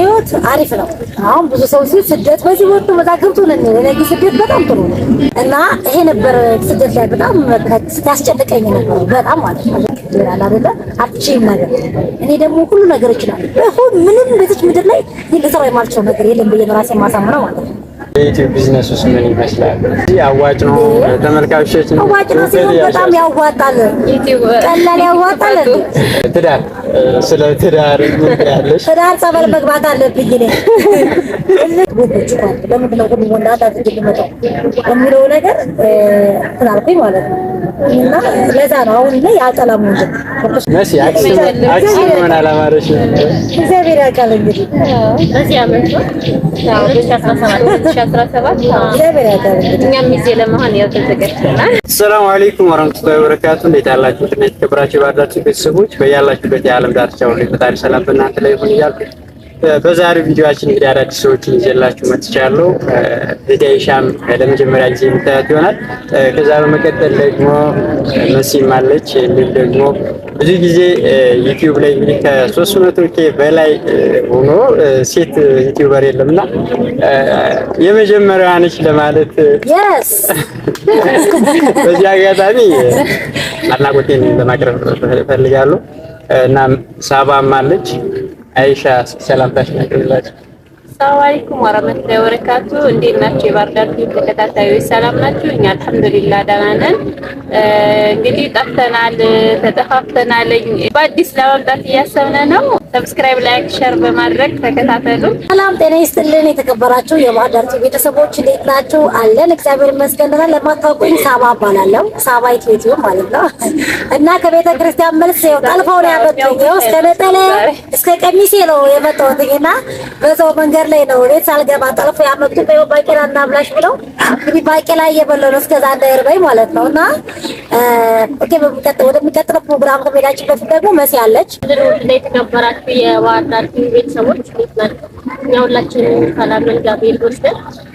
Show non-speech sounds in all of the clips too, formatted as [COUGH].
ህይወት አሪፍ ነው። አሁን ብዙ ሰው ሲል ስደት በዚህ ወጡ በዛ ነን። ስደት በጣም ጥሩ ነው እና ይሄ ነበር ስደት ላይ በጣም ሲያስጨንቀኝ ነበር በጣም ማለት ነው። ይላል አይደለ አትችይም ነገር እኔ ደግሞ ሁሉ ነገር ይችላል። ምንም በዚች ምድር ላይ ሊሰራ የማልችለው ነገር የለም ብዬ ራሴ ማሳምነው ማለት ነው። የኢትዮ ቢዝነስ ውስጥ ምን ይመስላል? እዚህ አዋጭ ነው ተመልካቾች ነው አዋጭ ነው ሲሉ በጣም ያዋጣል፣ ቀላል ያዋጣል። ትዳር ስለ ትዳር ምን ያለሽ? ትዳር ጸበል መግባት አለብኝ እኔ ጎበችኳ ለምንድን ነው ሁሉም ወንድ አንድ ልመጣው የሚለው ነገር እንትን ማለት ነው። እና ለዛ ነው አሁን ላይ አጠላም ወንድ መሲ አክሲም ምን አላማረሽ? እግዚአብሔር ያውቃል እንግዲህ በዚህ ዓመት ነው ሰላም አለይኩም ወራህመቱላሂ ወበረካቱ። እንዴት አላችሁ? ተከብራችሁ ባላችሁ ቤተሰቦች በያላችሁበት የዓለም ዳርቻ ሁሉ ፈጣሪ ሰላም በእናንተ ላይ ይሁን እያልኩ በዛሬው ቪዲዮአችን እንግዲህ አዳዲስ ሰዎችን ይዤላችሁ መጥቻለሁ። ሂዳይሻም ለመጀመሪያ ጊዜ የምታያት ይሆናል። ከዛ በመቀጠል ደግሞ መሲም አለች። እንዲሁም ደግሞ ብዙ ጊዜ ዩቲዩብ ላይ እንግዲህ ከሶስት መቶ ኬ በላይ ሆኖ ሴት ዩቲዩበር የለምና የመጀመሪያዋ ነች ለማለት [LAUGHS] በዚህ አጋጣሚ አድናቆቴን ለማቅረብ እፈልጋለሁ እና ሳባም አለች Ej se, szellemtesnek illet. ሰላም አለይኩም ወራህመቱላሂ ወበረካቱ። እንዴት ናችሁ? የባህርዳር ቲቪ ተከታታዮች ሰላም ናችሁ? እኛ አልሐምዱሊላህ ደህና ነን። እንግዲህ ጠፍተናል፣ በአዲስ ለመምጣት እያሰብን ነው። ሰብስክራይብ፣ ላይክ፣ ሼር በማድረግ ተከታተሉ። ሰላም ጤና ይስጥልን። የተከበራችሁ የባህርዳር ቲቪ ቤተሰቦች እንዴት ናችሁ? አለን እግዚአብሔር ይመስገን። ለማታውቁኝ ሳባ እባላለሁ። ሳባ ማለት ነው እና ከቤተ ክርስቲያን መልስ ይኸው ጠልፈው ነው ያመጡኝ። እስከ እስከ ቀሚሴ ነው የመጣሁት እና መንገድ ላይ ነው እቤት ሳልገባ ጠልፎ ያመጡ ነው። ባቄላ እና ብላሽ ብለው እንግዲህ ባቄላ እየበላሁ ነው እስከዛ እንዳይርበኝ ማለት ነው። እና ኦኬ፣ ወደሚቀጥለው ፕሮግራም ከመሄዳችን በፊት ደግሞ መሲ አለች። የተከበራችሁ የባህር ዳር ቤተሰቦች እኛ ሁላችንም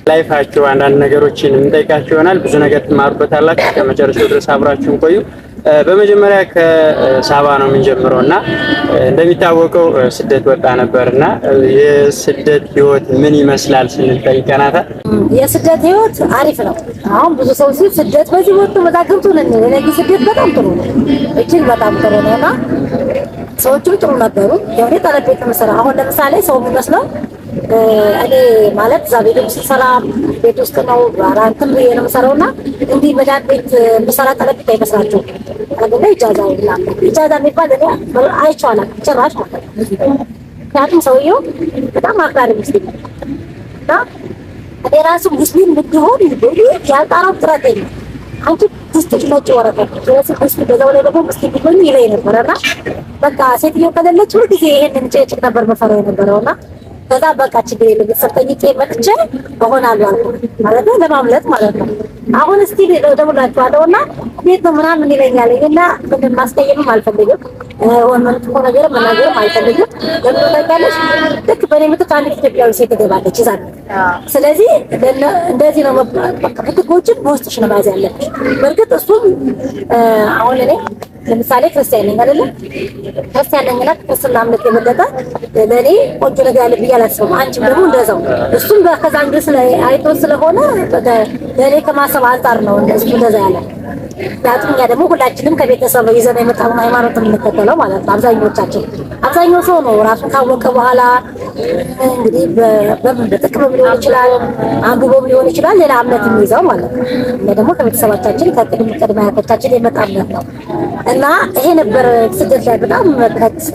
ላይፋችሁ አንዳንድ ነገሮችን እንጠይቃችሁ ይሆናል። ብዙ ነገር ትማሩበታላችሁ። ከመጨረሻው ድረስ አብራችሁን ቆዩ። በመጀመሪያ ከሳባ ነው የምንጀምረው እና እንደሚታወቀው ስደት ወጣ ነበር እና የስደት ህይወት ምን ይመስላል ስንል ጠይቀናታል። የስደት ህይወት አሪፍ ነው። አሁን ብዙ ሰው ሲል ስደት በዚህ ወጡ በዛ ገብቶ ነ ስደት በጣም ጥሩ ነው፣ እጅግ በጣም ጥሩ ነው እና ሰዎቹም ጥሩ ነበሩ። የሆነ ጠረጴት ምስራ አሁን ለምሳሌ ሰው የሚመስለው እኔ ማለት እዛ ቤት ውስጥ ስሰራ ቤት ውስጥ ነው እንትን ብዬ ነው የምሰራው እና እንዲህ መዳን ቤት የምሰራ ጠረጴዛ አይመስላችሁም? አገና ኢጃዛ ይላ ኢጃዛ የሚባል እኔ አይቼው ጭራሽ ምክንያቱም ሰውየው በጣም አክራሪ ሙስሊም እና እኔ ራሱ ሙስሊም እንድሆን ያልጣራው ጥረት የለም። አንቺ ትስጥሽ ነጭ ወረቀት ስለዚህ በዛው ላይ ደግሞ ምስኪን ቢሆኑ ይለኝ ነበረና በቃ ሴትዮ ከሌለች ሁልጊዜ ይሄንን ጭቅጭቅ ነበር መፈራ የነበረውና ከዛ በቃ ችግር የለም የተሰጠኝ ቄ መጥቼ እሆናለሁ አልኩት ማለት ነው፣ ለማምለጥ ማለት ነው። አሁን እስቲ እደውልላቸዋለሁ እና ቤት ነው ምናምን ይለኛል እና ምንም ማስቀየምም አልፈልግም፣ ወንመን ነገር መናገርም አልፈልግም። ለምን ታውቂያለሽ፣ ልክ በእኔ ምትክ ኢትዮጵያዊ ሴት ትገባለች ስለዚህ እንደዚህ ነው በውስጥሽ ነው መያዝ ያለብሽ። በእርግጥ እሱም አሁን እኔ ለምሳሌ ክርስቲያን ነኝ አይደለ? ክርስቲያን ነኝ ማለት ክርስትና እምነት የበለጠ ለእኔ ቆንጆ ነገር ያለ ብዬ አላስብም። አንቺም ደግሞ እንደዛው። እሱም ከዛ አንግል ስለ አይቶ ስለሆነ ለእኔ ከማሰብ አንጻር ነው እንደዚህ እንደዛ ያለ ምክንያቱም እኛ ደግሞ ሁላችንም ከቤተሰብ ይዘን የመጣነው ሃይማኖት የምንከተለው ማለት ነው። አብዛኞቻችን አብዛኛው ሰው ነው ራሱን ካወቀ በኋላ እንግዲህ በጥቅምም ሊሆን ይችላል፣ አንብቦም ሊሆን ይችላል ሌላ እምነት የሚይዘው ማለት ነው። ደግሞ ከቤተሰባችን ከቅድም ቅድመ አያቶቻችን የመጣ እምነት ነው። እና ይሄ ነበር ስደት ላይ በጣም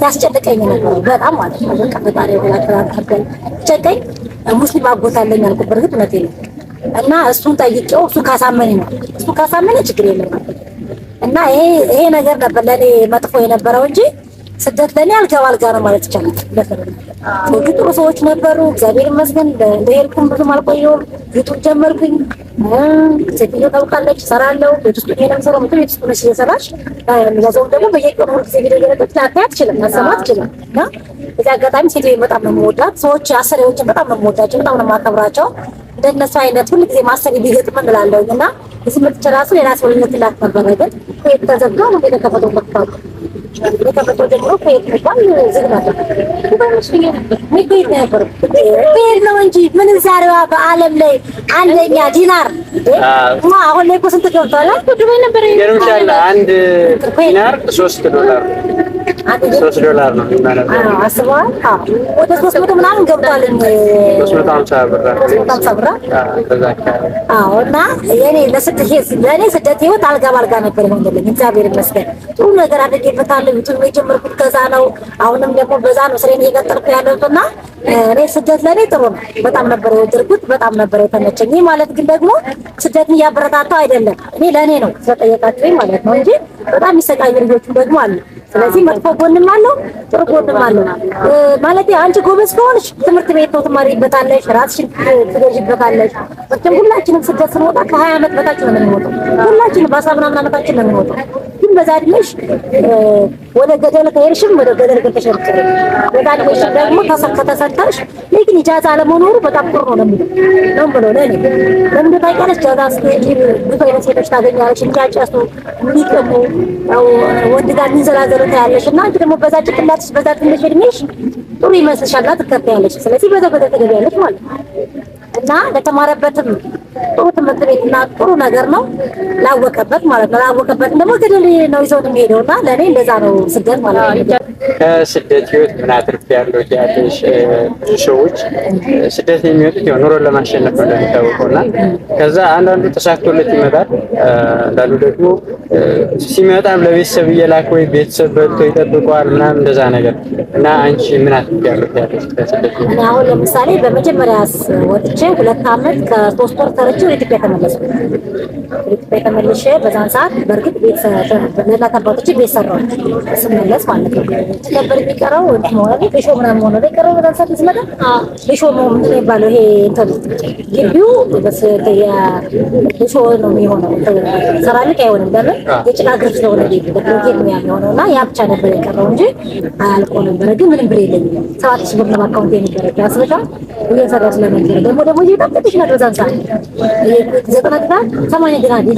ያስጨነቀኝ ነበር። በጣም ማለት ነው በቃ ፈጣሪ ሆና ተራርከን ጨቀኝ ሙስሊም አጎታለኝ አልኩ። በርግጥ እውነቴን ነው እና እሱን ጠይቄው እሱ ካሳመኝ ነው እሱ ካሳመኝ ችግር የለም እና ይሄ ይሄ ነገር ነበር ለኔ መጥፎ የነበረው እንጂ ስደት ለእኔ አልጋ ባልጋ ነው ማለት ይቻላል። ጥሩ ሰዎች ነበሩ፣ እግዚአብሔር ይመስገን። እንደሄድኩም ብዙም አልቆየሁም። ዩቱብ ጀመርኩኝ። ሴትዮ ታውቃለች፣ እሰራለሁ። ቤት ውስጥ ነው የምሰራው። ምክር ቤት ውስጥ እየሰራሽ ያዘው ደግሞ በየቀኑ ቪዲዮ አትችልም፣ አትችልም። እና አጋጣሚ ሴትዮ በጣም ነው የምወዳት። ሰዎች አሰሪዎችን በጣም ነው የምወዳቸው፣ በጣም ነው የማከብራቸው። እንደነሱ አይነት ጊዜ ማሰሪ ቢገጥመን እላለሁ እና እዚህ መጥቼ የራስ ወልነት ላት ነበረ፣ ግን ተዘግቶ ነው የተከፈተው መጥፋቱ የተከፈተው ደግሞ ነው እንጂ ምንዛሬዋ በዓለም ላይ አንደኛ ዲናር። አሁን ላይ እኮ ስንት ገብቷል? አንድ ዲናር ሶስት ዶላር ሶስት ዶላር ነው የሚመረጠው። አስበዋል። ወደ ሶስት መቶ ምናምን ገብቷል። ሶስት መቶ ስደት ህይወት አልጋ ባልጋ ነበር ሆንልኝ። እግዚአብሔር ይመስገን ጥሩ ነገር አድርጌበታለሁ። ዩቱብ የጀመርኩት ከዛ ነው። አሁንም ደግሞ በዛ ነው ስሬን እየቀጠልኩ ያለሁት እና እኔ ስደት ለእኔ ጥሩ ነው። በጣም ነበር የወደድኩት፣ በጣም ነበር የተመቸኝ። ይህ ማለት ግን ደግሞ ስደትን እያበረታታው አይደለም። እኔ ለእኔ ነው ስለጠየቃችሁኝ ማለት ነው እንጂ በጣም የሚሰቃዩ ልጆቹም ደግሞ አሉ ስለዚህ መጥፎ ጎንም አለው ጥሩ ጎንም አለው። ማለት አንቺ ጎበዝ ከሆንሽ ትምህርት ቤት ነው ትማሪበታለሽ፣ ራስሽን ትገዥበታለሽ። ወጭም ሁላችንም ስደት ስንወጣ ከሀያ ዓመት በታች ነው የምንወጣው። ሁላችንም በአስራ ምናምን ዓመታችን ነው የምንወጣው። ግን በዛ እድሜሽ ወደ ገደል ከሄድሽም ወደ ገደል ገብተሽ ወደ በዛ ደግሞ ከተሰጠርሽ ግን ኢጃዛ አለመኖሩ በጣም ጥሩ ነው ለሚ ነው ብሎ ለኔ ለምን ታውቂያለሽ? ጃዛ ስትሄጂ ብዙ አይነት ሴቶች ታገኛለሽ። እንጫጫሱ ሚቀሙ ወንድ ጋር የሚንዘላዘሉ ትምህርት ያለሽ እና አንቺ ደግሞ በዛ ጭቅላትሽ በዛ ትንሽ እድሜሽ ጥሩ ይመስልሻልና ትከታያለሽ። ስለዚህ በዛ በዛ ተገቢያለሽ ማለት ነው። እና ለተማረበትም ጥሩ ትምህርት ቤትና ጥሩ ነገር ነው። ላወቀበት ማለት ነው። ላወቀበት ደግሞ ገደል ነው ይዘው የሚሄደው እና ለእኔ እንደዛ ነው ስደት ማለት ነው። ከስደት ህይወት ምን አትርፍ ያለው ያለሽ ብዙ ሰዎች ስደት የሚወጡት ያው ኑሮን ለማሸነፍ ነው እንደሚታወቀው እና ከዛ አንዳንዱ ተሳክቶለት ይመጣል። አንዳንዱ ደግሞ ሲመጣም ለቤተሰብ እየላክ ወይ ቤተሰብ በልቶ ይጠብቀዋል ምናምን እንደዛ ነገር እና አንቺ ምን አትርፍ ያለው ያለሽ ከስደት አሁን ለምሳሌ በመጀመሪያ ወጥቼ ላይ ሁለት አመት ከሶስት ወር ሰርቼ ወደ ኢትዮጵያ ተመለስኩ። ወደ ኢትዮጵያ ተመልሼ በዛን ሰዓት በእርግጥ ቤት ለእናት አባቶቼ ቤት ሰራሁ ስመለስ ማለት ነው። ነበር የሚቀረው ሾ ምናምን ሆነ የቀረው በዛን ሰዓት ስመጣ ቤሾ ምንድን ነው የሚባለው ይሄ ግቢው ቤሾ ነው የሚሆነው። ሰራሚክ አይሆንም። ለምን የጭቃ ግርፍ ስለሆነ ጌጥ የሚሆነው እና ያ ብቻ ነበር የቀረው እንጂ አያልቆ ነበረ። ግን ምንም ብር የለኝም። ሰባት ሺህ ብር ነው አካውንት የነበረ ስበሻ እየሰራ ስለነበረ ደግሞ ደግሞ ሙዬ በጣም ትንሽ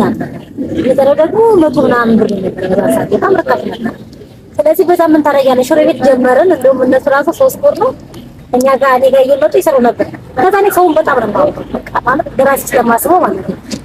ናት። ደግሞ መቶ ምናምን ብር በጣም ርካሽ ነበር። ስለዚህ በሳምንት ታደርጊያለሽ። ሽሮ ቤት ጀመርን። እንደውም እነሱ ራሱ ሶስት ወር ነው እኛ ጋር እኔ ጋር እየመጡ ይሰሩ ነበር። ከዛ እኔ ሰውን በጣም ነው የማወቀው ማለት ደራሲ ስለማስበው ማለት ነው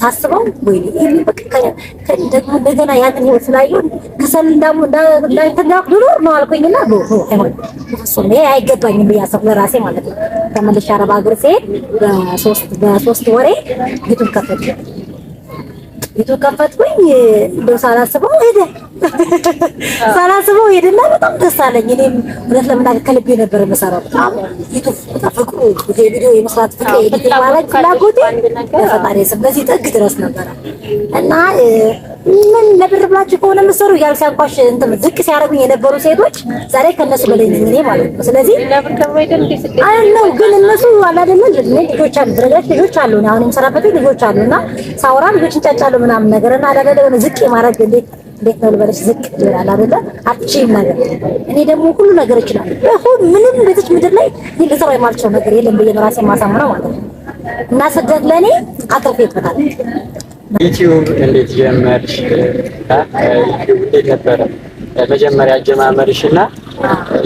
ሳስበው ወይ ደግሞ እንደገና ያንን ከሰል ነው አልኩኝና አይሆን ይሄ አይገባኝም ለራሴ ማለት ነው። ተመልሼ አረብ ሀገር ስሄድ በሶስት በሶስት ወሬ ከፈትኩ። ቤቱ ከፈትኩኝ እንደው ሳላስበው ሄደ ሳላስበው ሄደና በጣም ደስ አለኝ። እኔም እውነት ለመናገር ከልቤ ነበር የምሰራው። በጣም ዩቱብ ፍቅሩ ቪዲዮ የመስራት ፍቅሬ ፍላጎቴ ስም በዚህ ጥግ ድረስ ነበረ እና ምን ለብር ብላችሁ ከሆነ የምትሰሩ እያሉ እንትን ዝቅ ሲያደርጉኝ የነበሩ ሴቶች ዛሬ ከነሱ በላይ ነኝ እኔ ማለት ነው። ስለዚህ ግን እነሱ አላደለም ልጆች አሉ፣ ልጆች አሉ፣ አሁን የምሰራበት ልጆች አሉ እና ሳውራ ምናምን ነገር እና አዳለ የሆነ ዝቅ የማድረግ እንዴት እንዴት ነው ልበለሽ፣ ዝቅ ይላል አይደለ? አትችይም ነገር እኔ ደግሞ ሁሉ ነገር ይችላል። አሁን ምንም በዚች ምድር ላይ ልሰራ የማልችለው ነገር የለም ብዬ ነው ራሴ ማሳምነው ማለት ነው። እና ስደት ለኔ አትርፌ ዩቲዩብ እንዴት ጀመርሽ? ዩቲዩብ እንዴት ነበረ መጀመሪያ አጀማመርሽ እና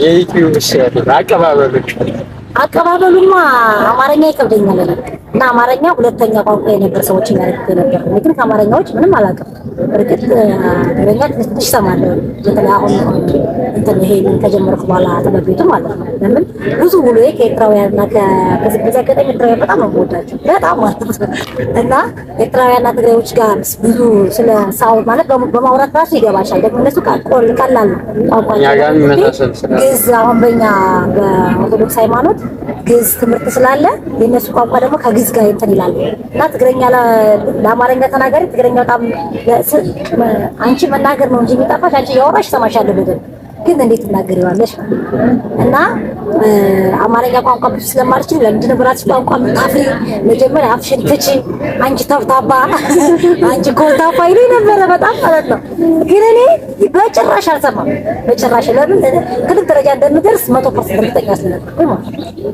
የዩቲዩብ አቀባበሉ? አቀባበሉማ አማርኛ ይከብደኛል። እና አማርኛ ሁለተኛ ቋንቋ የነበር ሰዎች ያደርጉ ነበር። ግን ከአማርኛዎች ምንም አላውቅም። እርግጥ ትግርኛ ትንሽ እሰማለሁ። በተለይ አሁን እንትን ይሄንን ከጀመርኩ በኋላ ትምህርት ማለት ነው። ለምን ብዙ ውሎዬ ከኤርትራውያንና ከዚህ አጋጣሚ ኤርትራውያን በጣም የምወዳቸው በጣም ማለት ነው እና ኤርትራውያንና ትግራዮች ጋር ብዙ ስለ ሳው ማለት በማውራት ራሱ ይገባሻል። ደግሞ እነሱ ቀላል ቀላል ቋንቋ ግዕዝ፣ አሁን በእኛ በኦርቶዶክስ ሃይማኖት ግዝ ትምህርት ስላለ የእነሱ ቋንቋ ደግሞ ከግ ኪዝ ጋር እንትን ይላሉ እና ትግረኛ ለአማርኛ ተናገሪ። ትግረኛ በጣም አንቺ መናገር ነው እንጂ የሚጠፋሽ አንቺ እያወራሽ ሰማሻለሁ በደንብ ግን እንዴት እናገሪዋለሽ እና አማርኛ ቋንቋ ብዙ ስለማልችል ለምንድን ብራችሁ ቋንቋ የምታፍሪ? መጀመሪያ አፍሽን ትቺ አንቺ ተብታባ አንቺ ኮልታፋ ይሉኝ ነበረ በጣም ማለት ነው። ግን እኔ በጭራሽ አልሰማም፣ በጭራሽ ለምን ክልል ደረጃ እንደምደርስ መቶ ፐርሰንት እርግጠኛ ስለነበርኩኝ ማለት ነው።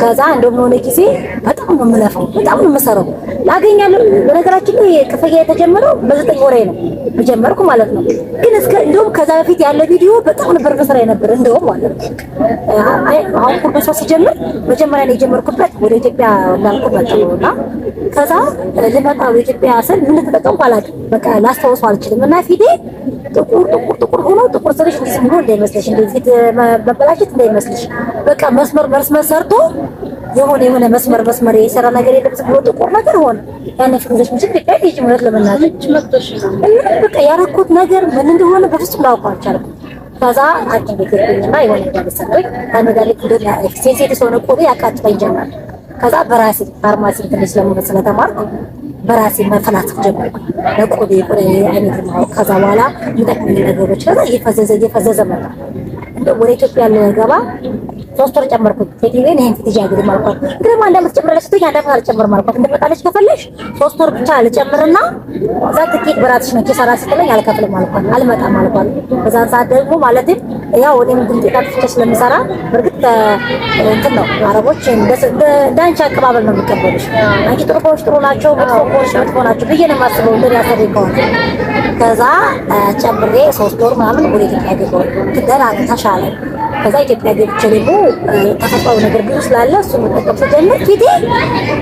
ከዛ እንደውም የሆነ ጊዜ በጣም ነው የምለፈው፣ በጣም ነው የምሰራው ላገኛለሁ። በነገራችን ላይ ክፍያ የተጀመረው በዘጠኝ ወሬ ነው የጀመርኩ ማለት ነው። ግን እስከ እንደውም ከዛ በፊት ያለ ቪዲዮ በጣም ነበር በስራ የነበረ እንደውም ማለት ነው። አሁን ሁሉ ሰው ሲጀምር መጀመሪያ ላይ የጀመርኩበት ወደ ኢትዮጵያ እንዳልኩ መጣሁ ከዛ ልመጣ ወደ ኢትዮጵያ ስል ምን ተጠቀም አላውቅም። በቃ ላስታውሰው አልችልም። እና ፊቴ ጥቁር ጥቁር ጥቁር ሆኖ ጥቁር ስልሽ ዝም ብሎ እንዳይመስልሽ፣ እንደዚህ መበላሸት እንዳይመስልሽ፣ በቃ መስመር መስመር ሰርቶ የሆነ የሆነ መስመር መስመር የሰራ ነገር የለም። ዝም ብሎ ጥቁር ነገር ሆነ። ያን ፍቅርሽ ምን ትክክል ይጅምረት ለመናገር በቃ ያረኩት ነገር ምን እንደሆነ በፍጹም ላውቀው አልቻልኩም። ከዛ ሐኪም ቤት ሄድኩኝና የሆነ ነገር ሰጠኝ። ከነገር ኩደና ሴንሴቲስ ሆነ ቆቤ ያቃጥለኝ ጀመር። ከዛ በራሴ ፋርማሲ ትንሽ ለመሆን ስለተማርኩ በራሴ መፈላሰፍ ጀመርኩ። ለቆቢ ቆቤ አይነት ነው። ከዛ በኋላ ይጠቅሙ ነገሮች ከዛ እየፈዘዘ እየፈዘዘ መጣ። ወደ ኢትዮጵያ ልገባ ሶስት ወር ጨመርኩኝ። ሴትዬን ይሄን ሴትዬ አልኳት። እንግዲህ አንድ ዓመት ጨምራለች ስትይ አንድ ዓመት አልጨምርም አልኳት። እንደመጣለች ከፈለሽ ሶስት ወር ብቻ አልጨምርና እዛ ትኬት በራስሽ ነው ኪሳራ ስትለኝ አልከፍልም አልኳት። አልመጣም አልኳት። በዛን ሰዓት ደግሞ ማለትም ያው እኔም ድምጤ ጠፍቼ ስለምሰራ በእርግጥ እንትን ነው አረቦች እንዳንቺ አቀባበል ነው የሚቀበሉሽ። አንቺ ጥሩ ከሆንሽ ጥሩ ናቸው፣ መጥፎ ከሆንሽ መጥፎ ናቸው ብዬ ነው የማስበው። እንደ ያሰሪ ከሆነ ከዛ ጨምሬ ሶስት ወር ምናምን ወደ ኢትዮጵያ ገባሁ። ተሻለ ከዛ ኢትዮጵያ ገብቼ ደግሞ ተፈጥሯዊ ነገር ብዙ ስላለ እሱ መጠቀም ስጀምር ፊቴ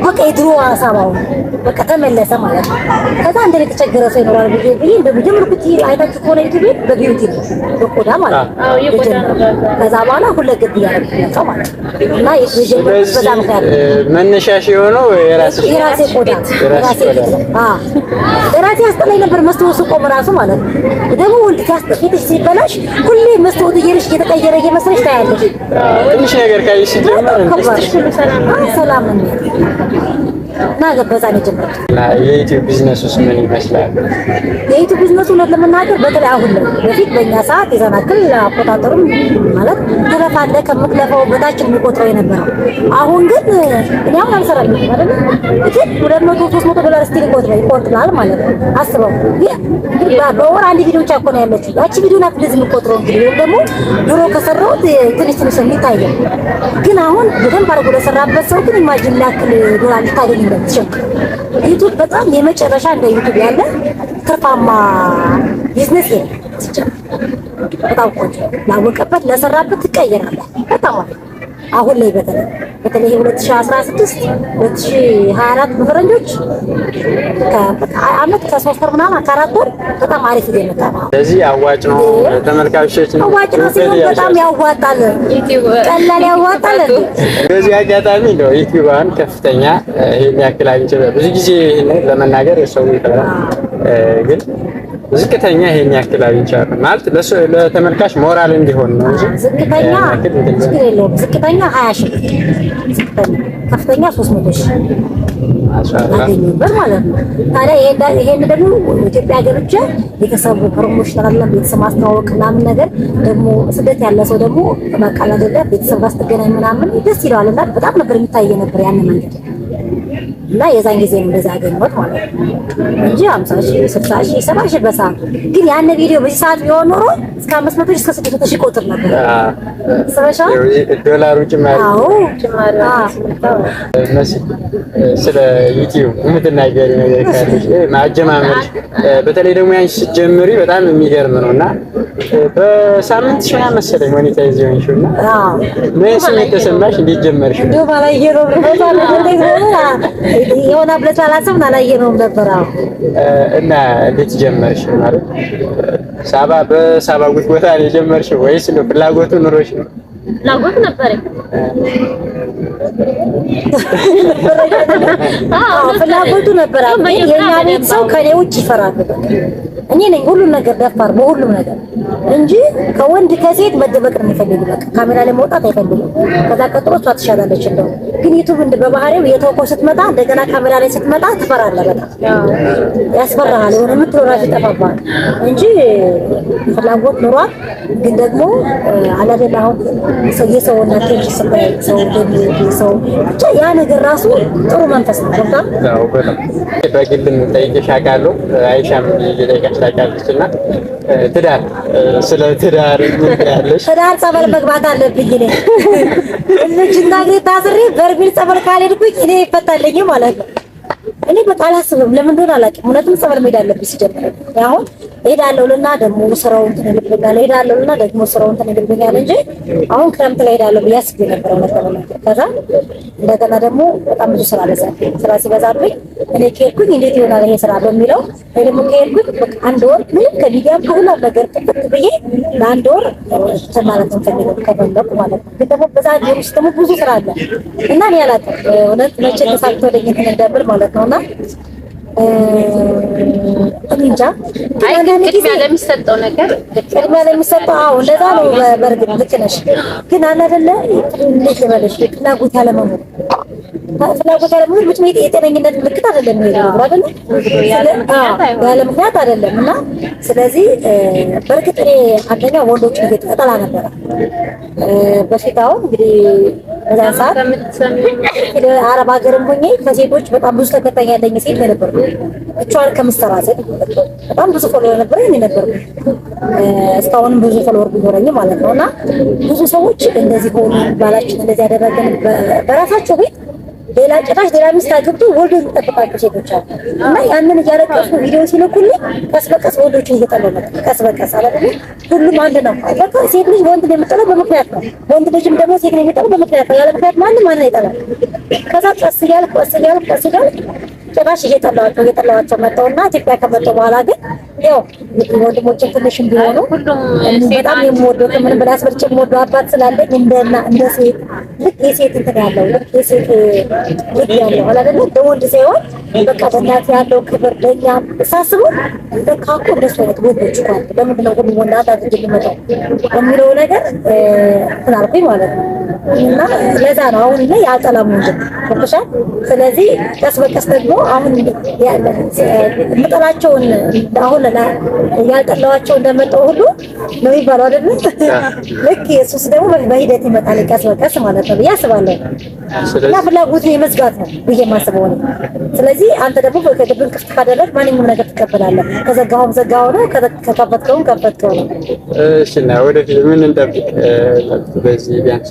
በቃ የድሮ አሳባው በቃ ተመለሰ ማለት ነው። ከዛ እንደ የተቸገረ ሰው ይኖራል ብዬ ብዬ በጀመርኩት አይታችሁ ከሆነ ዩቱብ በቢዩቲ በቆዳ ማለት ነው። ከዛ በኋላ ሁለት ገብ ያደረግነው ማለት ነው። እና የጀመርኩት በዛ ምክንያት መነሻሽ የሆነው የራሴ ቆዳ የራሴ ራሴ ያስጠላኝ ነበር። መስታወት ቆም ራሱ ማለት ነው ደግሞ ወንድ ሲያስጠፊት ሲበላሽ ሁሌ መስታወት እየሄድሽ እየተቀየረ እየመሰ ታያለሽ። ትንሽ ነገር ካየሽ ሰላም እና በዛ ነው የጀመረው። የዩቲዩብ ቢዝነስ ውስጥ ምን ይመስላል? የዩቲዩብ ቢዝነስ እውነት ለመናገር በተለይ አሁን ላይ በፊት በእኛ ሰዓት የዘናክል አቆጣጠሩም ማለት ትለፋለህ ከምትለፋው በታች የሚቆጥረው የነበረው አሁን ግን እኔ አሁን አልሰራም ማለት ነው። ግን ሁለት መቶ ሶስት መቶ ዶላር ስቲል ይቆጥራል ይቆጥራል ማለት ነው። አስበው ግን በወር አንድ ቪዲዮ ብቻ እኮ ነው ያለችው። ያቺ ቪዲዮ ናት እንደዚህ የምቆጥረው እንግዲህ ወይም ደግሞ ድሮ ከሰራሁት ትንሽ ትንሽ የሚታየው ግን አሁን በደንብ አድርጎ ለሰራበት ሰው ግን ኢማጂን ላክል ዶላር ልታገኝ መሰረት ጀምር። ዩቱብ በጣም የመጨረሻ እንደ ዩቱብ ያለ ትርፋማ ቢዝነስ ነው። በጣም ቆንጆ ላወቀበት ለሰራበት ትቀየራለህ። አሁን ላይ በተለይ በተለይ 2016 2024 በፈረንጆች ከአመት ከሶስት ወር ምናምን ከአራት ወር በጣም አሪፍ ጊዜ መጣ ነው። ስለዚህ አዋጭ ነው፣ ተመልካቾች አዋጭ ነው ሲሉ በጣም ያዋጣል፣ ቀላል ያዋጣል። በዚህ አጋጣሚ ነው ዩቲዩብን ከፍተኛ ይሄን ያክል አግኝቼ ብዙ ጊዜ ይሄን ለመናገር የሰው ይፈራል ግን ዝቅተኛ ይሄን ያክል አግኝቻለሁ ማለት ለተመልካች ሞራል እንዲሆን ነው እንጂ ዝቅተኛ ዝቅተኛ ሀያ ሺህ ዝቅተኛ፣ ከፍተኛ 300 ሺህ ማለት ነው። ታዲያ ይሄን ደግሞ ኢትዮጵያ ገብቼ ቤተሰቡ ፕሮሞሽን አለ፣ ቤተሰብ ማስተዋወቅ ምናምን ነገር ደግሞ ስደት ያለ ሰው ደግሞ በቃ አይደለ ቤተሰብ ጋር ስትገናኝ ምናምን ደስ ይለዋል እና በጣም ነበር የሚታየ ነበር ያንን መንገድ እና የዛን ጊዜ እንደዛ አገኘሁት ማለት ነው እንጂ 50 ሺህ 60 ሺህ 70 ሺህ በሰዓቱ ግን ያን ቪዲዮ በዚህ ሰዓት ቢሆን ኖሮ እስከ 500 ሺህ እስከ 600 ሺህ ቁጥር ነበር። ስለሻ ዶላሩ ጭማሪ አዎ ጭማሪ መሲ ስለ ዩቲዩብ የምትናገሪ ነገር ካለሽ ማጀማመር፣ በተለይ ደግሞ ያን ስትጀምሪ በጣም የሚገርም ነውና በሳምንት ሺህ ምናምን መሰለኝ ሞኔታይዝ የሆንሽው እና ምን ስሜት ተሰማሽ? እንዴት ጀመርሽ? እንደውም አላየነውም የሆነ ብለሽ አላሰብን አላየነውም ነበር እና እንዴት ጀመርሽ? ማለት ሳባ በሳባ ቦታ ነው የጀመርሽው ወይስ ነው ፍላጎቱ ኑሮሽ ነው? ፍላጎት አዎ ፍላጎቱ ነበረ። የኛ ቤት ሰው ከኔ ውጭ ይፈራል። እኔ ነኝ ሁሉም ነገር ደፋር በሁሉም ነገር እንጂ ከወንድ ከሴት መደበቅ ነው የሚፈልግ። በቃ ካሜራ ላይ መውጣት አይፈልግም። ከዛ ቀጥሎ እሷ ትሻላለች። እንደው ግን ዩቱብ እንደ በባህሪው የተወቆ ስትመጣ እንደገና ካሜራ ላይ ስትመጣ ትፈራለህ። በጣም ያስፈራሃል። የሆነ የምትለው እራሱ ይጠፋብሃል እንጂ ፍላጎት ኑሯል። ግን ደግሞ አላደላ አሁን ሰው እና ትንሽ ስባይ ሰው ደግሞ ሰው ብቻ ያ ነገር ራሱ ጥሩ መንፈስ ነው። በጣም በግል ጠይቄሽ አውቃለሁ። አይሻም ጠይቀሽ ትላጫለች እና ትዳር ስለ ትዳር ትዳር ጸበል መግባት አለብኝ እኔ እልጅና እግሬ ታስሬ በርሚል ጸበል ካልሄድኩኝ እኔ ይፈታለኝ ማለት ነው። እኔ በቃ አላስብም፣ ለምን እንደሆነ አላውቅም። እውነትም ጸበል መሄድ አለብኝ ሲጀምር አሁን ሄዳለሁና ደግሞ ስራው እንትን ይልብኛል፣ ሄዳለሁና ደግሞ ስራው እንትን እንጂ አሁን ክረምት ላይ ሄዳለሁ ብዬ አስቤ ነበር። ከዛ እንደገና ደግሞ በጣም ብዙ ስራ በዛ ስራ ሲበዛብኝ እኔ ከሄድኩኝ እንዴት ይሆናል ይሄ ስራ በሚለው ወይ ደግሞ ከሄድኩኝ አንድ ወር ምንም ከሚዲያም ከሁሉ ነገር ጥፍት ብዬ ለአንድ ወር ማለት ንፈልገ ከፈለኩ ማለት ነው። ግን ደግሞ በዛ ውስጥ ደግሞ ብዙ ስራ አለ እና እኔ አላውቅም እውነት መቼ ተሳልቶለኝ እንደምል ማለት ነው እና እንጃ ቅድሚያ ለሚሰጠው ነገር ቅድሚያ ለሚሰጠው ነው። በእርግጥ ልክ ነሽ፣ ግን አለ አይደለ እንዴት ልበለሽ፣ ፍላጎት ያለመኖር ፍላጎት ያለመኖር ብቻ የጤነኝነት ምልክት አይደለም። ይሄ ያለ ምክንያት አይደለም። እና ስለዚህ በእርግጥ እኔ አንደኛ ወንዶች ልጅ ጠላ ነበረ በሽታው እንግዲህ በዛ ሰዓት አረብ ሀገርም ሆኜ ከሴቶች በጣም ብዙ ተከታይ ያለኝ ሴት ነበር። ብቻዋን ከመሰራዘት በጣም ብዙ ፎሎወር ነበረ እኔ ነበር እስካሁንም ብዙ ፎሎወር ቢኖረኝም ማለት ነው። እና ብዙ ሰዎች እንደዚህ ሆኑ፣ ባላችን እንደዚህ ያደረገን በራሳቸው ቤት ሌላ ጭራሽ ሌላ ሚስት አግብቶ ወልዶ የሚጠብቃቸው ሴቶች አሉ። እና ያንን እያለቀሱ ቪዲዮ ሲልኩልኝ ቀስ በቀስ ወንዶችን እየጠለው መጣ። ቀስ በቀስ አለ ሁሉም አንድ ነው። በቃ ሴት ልጅ ወንድ የምጠለው በምክንያት ነው። ወንድ ልጅም ደግሞ ሴት የሚጠለው በምክንያት ነው። ያለ ምክንያት ማንም ማንን ይጠላል? ከዛ ቀስ እያልኩ ቀስ እያልኩ ቀስ እያልኩ ጭራሽ እየጠላዋቸው እየጠላዋቸው መጣውና ኢትዮጵያ ከመጡ በኋላ ግን ያው ወንድሞችን ትንሽ ቢሆኑ በጣም የምወደው ከምንም በላይ አስበልጬ የምወደው አባት ስላለኝ እንደና እንደ ሴት ልክ የሴት እንትን ያለው ልክ የሴት ልክ ያለው አላደለ በወንድ ሳይሆን በቃ በእናት ያለው ክብር ለኛ ሳስበው በቃ እኮ እንደሱ አይነት ወንዶች እንኳን ለምንድነው ሁሉም ወንድ አባት የሚመጣው የሚለው ነገር እንትን ማለት ነው። እና ለዛ ነው አሁን ላይ ያጠላሙ ወጥሻል። ስለዚህ ቀስ በቀስ ደግሞ አሁን የምጠላቸውን አሁን ያልጠላኋቸው እንደመጣው ሁሉ ነው የሚባለው አይደል? ልክ ኢየሱስ ደግሞ በሂደት ይመጣል ቀስ በቀስ ማለት ነው ብዬ አስባለሁ። እና ፍላጎት የመዝጋት ነው ብዬ የማስበው ነው። ስለዚህ አንተ ደግሞ በቀደም ክፍት ካደረግ ማንኛውም ነገር ትቀበላለህ። ከዘጋውም ዘጋው ነው፣ ከከፈትከውም ከፈትከው ነው። እሺ እና ወደፊት ምን እንጠብቅ በዚህ ቢያንስ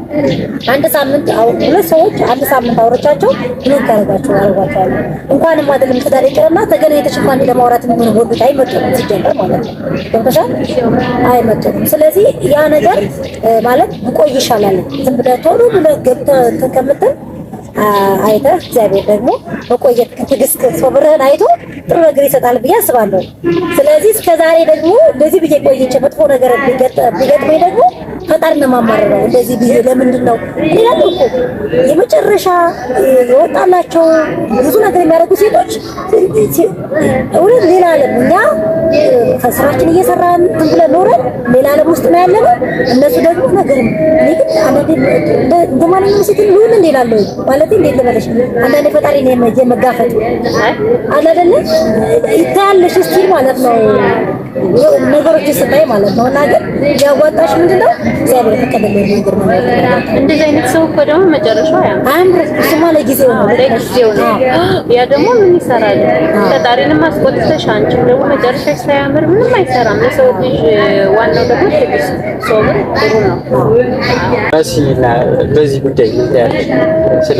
አንድ ሳምንት ሁለት ሰዎች አንድ ሳምንት አውሮቻቸው ምን ታረጋቸው አርጓቸዋል። እንኳንም አይደለም ትዳር ይቀርና ተገናኝተሽ እንኳን ለማውራት ምን ወዱ አይመጡም ሲጀምር ማለት ነው ገብተሻል፣ አይመጡም። ስለዚህ ያ ነገር ማለት ብቆይ ይሻላል ዝም ብለህ ቶሎ ብለህ ገብተህ ከምትል አይተህ እግዚአብሔር ደግሞ መቆየት ከትዕግስት ሶብርህን አይቶ ጥሩ ነገር ይሰጣል ብዬ አስባለሁ። ስለዚህ እስከ ዛሬ ደግሞ እንደዚህ ብዬ ቆይቼ መጥፎ ነገር ቢገጥመኝ ደግሞ ፈጣሪ ነው የማማርረው። እንደዚህ ብዬ ለምንድን ነው ይላል እኮ የመጨረሻ የወጣላቸው ብዙ ነገር የሚያደርጉ ሴቶች እውነት ሌላ አለም እኛ ከስራችን እየሰራን ትንብለ ኖረን ሌላ አለም ውስጥ ነው ያለነው። እነሱ ደግሞ ነገር እኔ ግን አንዳንዴ እንደማንኛውም ሴት ልሁን እንዴላለሁ ማለት እንዴት ልበለሽ፣ አንዳንዴ ፈጣሪ ነው መጋፈጥ አለ አይደለ? ይታያለሽ እስቲ ማለት ነው ነገሮች ስታይ ማለት ነው። እና ግን ያዋጣሽ ምንድነው? ነው ተቀበለ ነው ነገር ነው። እንደዚህ አይነት ሰው እኮ ደግሞ መጨረሻው ያ አምር ስማ ለጊዜው ነው ለጊዜው ነው። ያ ደግሞ ምን ይሰራል? ፈጣሪንም አስቆጥተሽ አንቺም ደግሞ መጨረሻሽ ሳያምር ምንም አይሰራም። ለሰው ልጅ ዋናው ደግሞ ትዕግስት ሶብር ጥሩ ነው። በዚህ ጉዳይ ስለ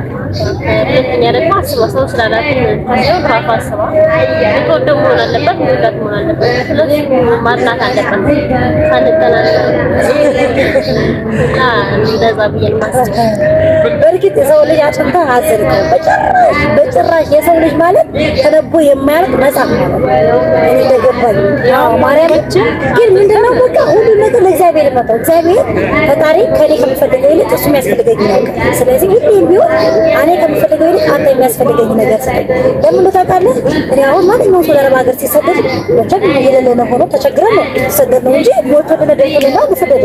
ያደግሞ አስባ ሰው መሆን አለበት፣ መሆን አለበት። ስለዚህ በእርግጥ የሰው ልጅ አጥንታ አዘልቀው በጭራሽ የሰው ልጅ ማለት ተነቦ የማያልቅ መጽሐፍ እንደገባኝ ማርያምችን ግን ምንድነው በቃ ሁሉ ነገር ለእግዚአብሔር መጣው እግዚአብሔር ፈጣሪ ከኔ ከምፈልገው ይልቅ እሱ የሚያስፈልገኝ ያውቃል። ስለዚህ ሁሉ የሚሆን እኔ ከምፈልገው ይልቅ አንተ የሚያስፈልገኝ ነገር ስጠኝ። ለምን ታውቃለህ? እኔ አሁን ማንኛውም ሰው ለዓለም ሀገር ሲሰደድ ወጀብ የሌለ ነው ሆኖ ተቸግረን ነው የተሰደድ ነው እንጂ ሞቶ ተነደርቶልና ተሰደድ።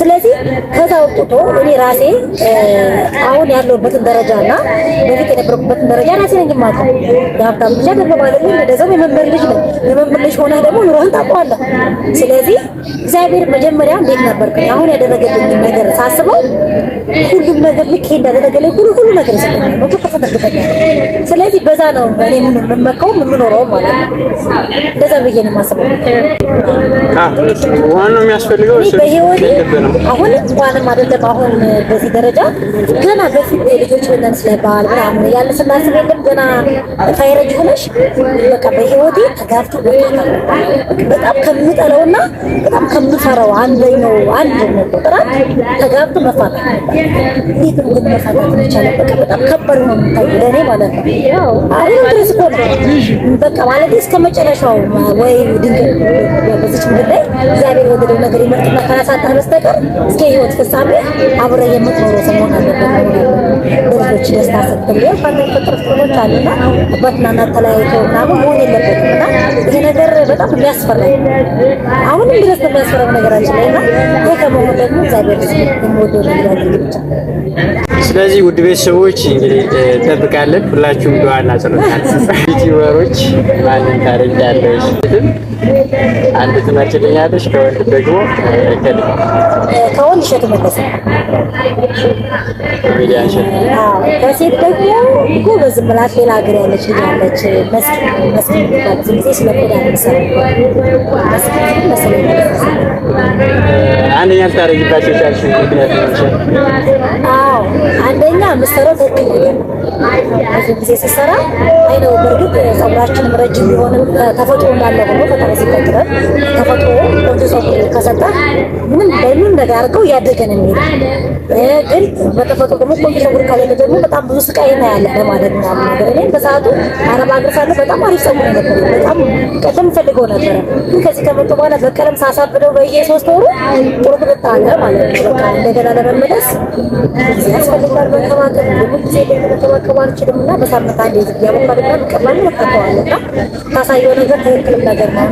ስለዚህ ከዛ አውጥቶ እኔ ራሴ አሁን ያለሁበትን ደረጃ እና በፊት የነበርኩበትን ደረጃ ራሴ ነኝ ማለት ነው። የሀብታም ልጅ አይደለም አይደለም፣ እንደዛም የመምህር ልጅ ነኝ። የመምህር ልጅ ሆነህ ደግሞ ኑሮህን ታውቀዋለህ። ስለዚህ እግዚአብሔር መጀመሪያ እንዴት ነበርክ አሁን ያደረገልኝ ነገር ሳስበው ሁሉም ነገር ልክ እንዳደረገልኝ ሁሉ ሁሉ ነገር ስለሆነ ስለዚህ በዛ ነው እኔ ምን የምመካው የምኖረው ማለት ነው። እንደዛ ብዬ ነው የማስበው። ዋናው የሚያስፈልገው በህይወቴ አሁን እንኳንም አይደለም አሁን በዚህ ደረጃ ገና በፊት ልጆች ብለን ስለባል ምናምን ያለ ስናስብ የለም ገና ፋይረጅ ሆነሽ በቃ በህይወቴ ተጋብቶ ወጣታል በጣም ከምጠለውና በጣም ከምፈራው አንደኛው አንድ ነው ጥራት ተጋብቶ መፋታት እንዴት ነው መፋታት ይቻላል በቃ ከባድ ነው የምታየው ለእኔ ማለት ነው። አሁን ድረስ እኮ በቃ ማለት እስከ መጨረሻው ወይ ድንገት በዚች ምድር ላይ እግዚአብሔር ወደደው ነገር ይመርጥና ካላሳጣህ በስተቀር እስከ ህይወት ፍጻሜ አብረህ የምትኖረው ሰው መሆን አለበት። ህዝቦች ደስታ ስትል ባለበት ጥርጥሮች አሉና አባትና ተለያይቶ ምናምን መሆን የለበትም እና ይሄ ነገር በጣም የሚያስፈራኝ አሁንም ድረስ የሚያስፈራኝ ነገራችን ላይ እና ይህ ከመሆኑ ደግሞ እግዚአብሔር የምወደው ነገር ብቻ ስለዚህ ውድ ቤተሰቦች እንግዲህ እንጠብቃለን። ሁላችሁም ዱዓና ጸሎት ታንስሳ ዩቲዩበሮች ማንን ታደርጊያለሽ? አንድ ትመችልኛለሽ፣ ከወንድ ደግሞ ከል ከወንድ እሸቱ መለሰ ሚዲያን ሸ ከሴት ደግሞ ጎበዝ ምላት ሌላ ሀገር ያለች ልጅ አለች። አንደኛ ልታደርጊባቸው የቻልሽ ምክንያት ነው ይችላል? አዎ አንደኛ መሰረት ትክክል ብዙ ጊዜ ስሰራ አይ ነው። በእርግጥ ፀጉራችንም ረጅም ቢሆንም ተፈጥሮ እንዳለ ሆኖ ፈጣሪ ተቀጥረን ተፈጥሮ ቆንጆ ፀጉር ከሰጣ ምን በምን ነገር አድርገው እያደገ ነው የሚሄደው። ግን በተፈጥሮ ደግሞ ቆንጆ ፀጉር ካለ ደግሞ በጣም ብዙ ስቃይ ነው ያለ ለማለት ነው ነገር እኔ በሰዓቱ አረብ አገር ሳለሁ በጣም አሪፍ ፀጉር ነበር። በጣም ቀለም ፈልገው ነበር። ግን ከዚህ ከመጡ በኋላ በቀለም ሳሳብደው በየሶስት ወሩ ቁርጥርጥ አለ ማለት ነው። እንደገና ለመመለስ ያስፈልጋል። ጊዜ እና በሳምንት አንድ ያቦካልና እና ታሳየው ነገር ትክክልም ነገር ነው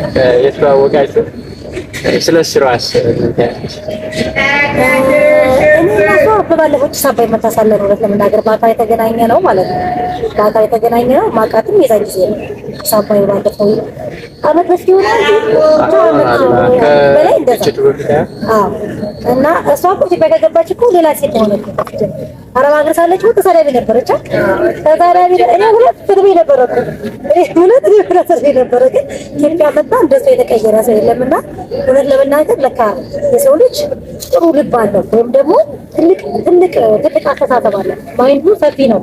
እና የተዋወቃችሁ ስለ ስራስ በባለፈው ጭስ አባይ መታሳለን እውነት ለመናገር ማታ የተገናኘ ነው ማለት ነው። ማታ የተገናኘ ነው። ማቃትም የዛ ጊዜ ነው ጭስ አባይ ባለፈው አመት በፊት ይሆናል እና እሷ እኮ ኢትዮጵያ ከገባች እኮ ሌላ ሴት አረብ ሀገር ሳለች እኮ ተሳዳቢ ነበረች። ተሳዳቢ እኔ ሁለት ነበረ ሁለት ትግቢ ነበረ። ግን ኢትዮጵያ መጣ የተቀየረ ሰው የለም። እና እውነት ለመናገር ለካ የሰው ልጅ ጥሩ ልብ አለው ወይም ደግሞ ትልቅ ትልቅ ትልቅ አስተሳሰብ አለ ማይንዱ ሰፊ ነው።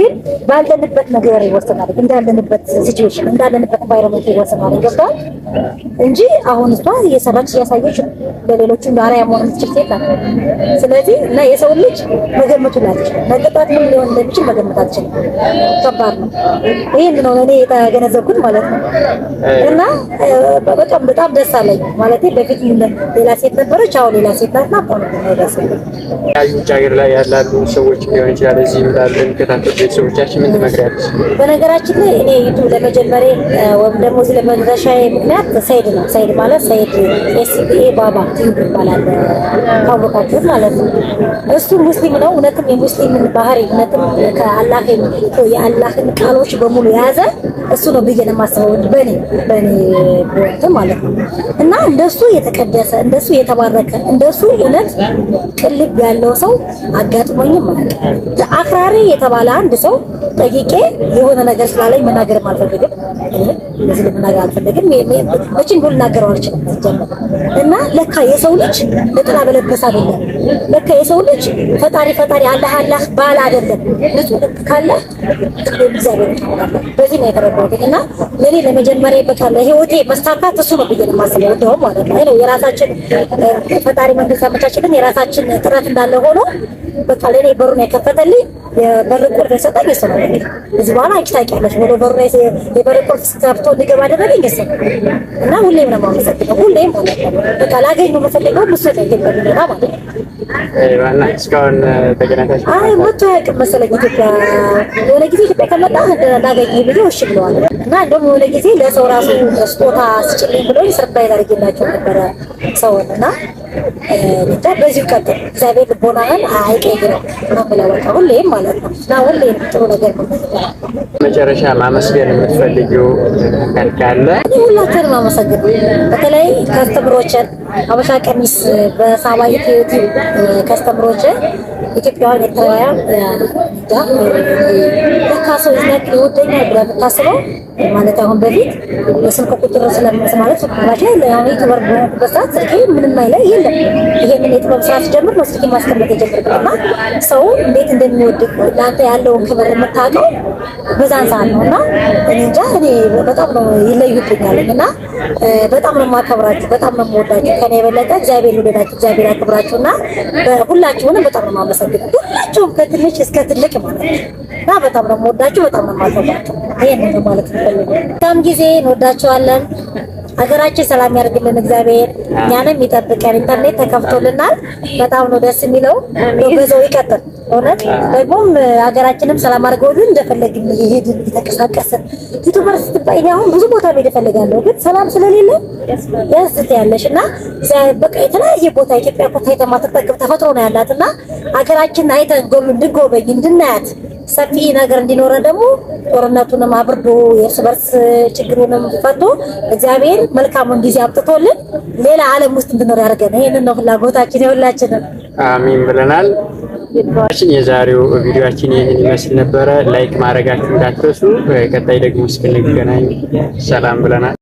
ግን ባለንበት ነገር ይወሰናል። እንዳለንበት ሲቹዌሽን እንዳለንበት ልትሰማን ይገባል እንጂ አሁን እሷ እየሰራች እያሳየች ለሌሎቹም አርአያ መሆን የምትችል ሴት ናት። ስለዚህ እና የሰው ልጅ መገመቱ ላች መገጣት ምን ሊሆን እንደሚችል መገመታችን ከባድ ነው። ይህን ነው እኔ የተገነዘብኩት ማለት ነው። እና በጣም በጣም ደስ አለኝ ማለት በፊት ሌላ ሴት ነበረች፣ አሁን ሌላ ሴት ናት። ናት ደስ ውጭ ሀገር ላይ ያላሉ ሰዎች ሊሆን ይችላል እዚህ ላሉ የሚከታተሉ ቤተሰቦቻችን ምን ትመክሪያለሽ? በነገራችን ላይ እኔ ዩቱብ ለመጀመሪያ ወይም ደግሞ ስለ መድረሻ ምክንያት ሰይድ ነው። ሰይድ ማለት ሰይድ ኤስፒኤ ባባ ቲዩብ ይባላል ታወቃችሁ ማለት ነው። እሱ ሙስሊም ነው። እውነትም የሙስሊምን ባህሪ እውነትም ከአላህ የአላህን ቃሎች በሙሉ የያዘ እሱ ነው ብዬ ነው በኔ በኔ እንትን ማለት ነው። እና እንደሱ የተቀደሰ እንደሱ የተባረከ እንደሱ እውነት ቅልብ ያለው ሰው አጋጥሞኝም ማለት አክራሪ የተባለ አንድ ሰው ጠይቄ የሆነ ነገር ስላለኝ መናገርም አልፈልግም መናገር አልፈለግም። መቼም ቢሆን ልናገረው አልችልም እና ለካ የሰው ልጅ ነጠላ በለበሰ አይደለም። ለካ የሰው ልጅ ፈጣሪ ፈጣሪ አላህ አላህ ባል አይደለም። ልጅ ካለ እግዚአብሔር ይታወቃል። በዚህ ነው የተረዳሁት እና ለኔ ለመጀመሪያ በቃ ህይወቴ ማስተካከል እሱ ነው ብዬ ማስበው እንደው ማለት ነው። የራሳችን ፈጣሪ መንግስት አመቻችልን የራሳችን ጥረት እንዳለ ሆኖ በቃ ለኔ በሩን የከፈተልኝ የበር ቁልፍ የሰጠኝ እሱ ነው። እዚህ በኋላ አንቺ ታውቂያለሽ ወደ በሩ የበር ቁልፍ ከፍቶ እንዲገባ አደረገኝ እሱ እና ሁሌም ነው የማመሰግነው። ሁሌም በቃ ላገኝ ነው የምፈልገው እሱ ነው ማለት ነው። ዋና አይ ኢትዮጵያ። ጊዜ እና ጊዜ ለሰው ራሱ እና ብቻ በዚሁ ቀጥል። እግዚአብሔር ልቦናህን አይቀይርም ነው ሁሌም ማለት ነው እና ጥሩ ነገር ነው። መጨረሻ ማመስገን የምትፈልጊው ካለ ሁላችንም አመሰግን። በተለይ ከስተምሮችን አበሻ ቀሚስ በሳባ ዩቲዩብ ከስተምሮችን ኢትዮጵያውያን ኤርትራውያን ለካ ሰው ይዝነቅ ይወደኛል ብለህ የምታስበው ማለት አሁን በፊት የስልክ ቁጥር ስለምንስ ማለት ራሽ ለሆነ ዩቱበር በሆንኩበት ሰዓት ስልኬ ምንም አይላይ የለም። ይሄንን የጥበብ ስራ ስጀምር ነው ስልኬ ማስቀመጥ የጀመርኩት ሰው እንዴት እንደሚወድቅ ለአንተ ያለውን ክብር የምታውቀው በዛን ሰዓት ነው እና እንጃ እኔ በጣም ነው ይለዩብኛል እና በጣም ነው የማከብራችሁ፣ በጣም ነው የምወዳችሁ። ከኔ የበለጠ እግዚአብሔር ይወደዳችሁ፣ እግዚአብሔር ያክብራችሁ እና ሁላችሁንም በጣም ነው የማመሰግነው ሁላችሁም ከትንሽ እስከ ትልቅ ማለት ነው። በጣም ነው የምወዳችሁ፣ በጣም ነው ይሄን ነው ማለት ነው። በጣም ጊዜ እንወዳችኋለን። ሀገራችን ሰላም ያደርግልን እግዚአብሔር፣ እኛንም ይጠብቀን። ኢንተርኔት ተከፍቶልናል። በጣም ነው ደስ የሚለው። በዛው ይቀጥል። እውነት ደግሞም ሀገራችንም ሰላም አድርገውልን እንደፈለግን ይሄድ እየተንቀሳቀስን ዩቱበር ስትባይ እኔ አሁን ብዙ ቦታ መሄድ እፈልጋለሁ፣ ግን ሰላም ስለሌለ ያስት ያለሽ እና በቃ የተለያየ ቦታ ኢትዮጵያ ቦታ ከተማ ትጠቅም ተፈጥሮ ነው ያላት እና ሀገራችን አይተን ጎብን እንድንጎበኝ እንድናያት ሰፊ ነገር እንዲኖረ ደግሞ ጦርነቱንም አብርዶ የእርስ በርስ ችግሩንም ፈቶ እግዚአብሔር መልካሙን ጊዜ አብጥቶልን ሌላ ዓለም ውስጥ እንድኖር ያደርገን። ይህንን ነው ፍላጎታችን የሁላችንም። አሚን ብለናል። የዛሬው ቪዲዮችን ይህንን ይመስል ነበረ። ላይክ ማድረጋችሁ እንዳትረሱ። ቀጣይ ደግሞ እስክንገናኝ ሰላም ብለናል።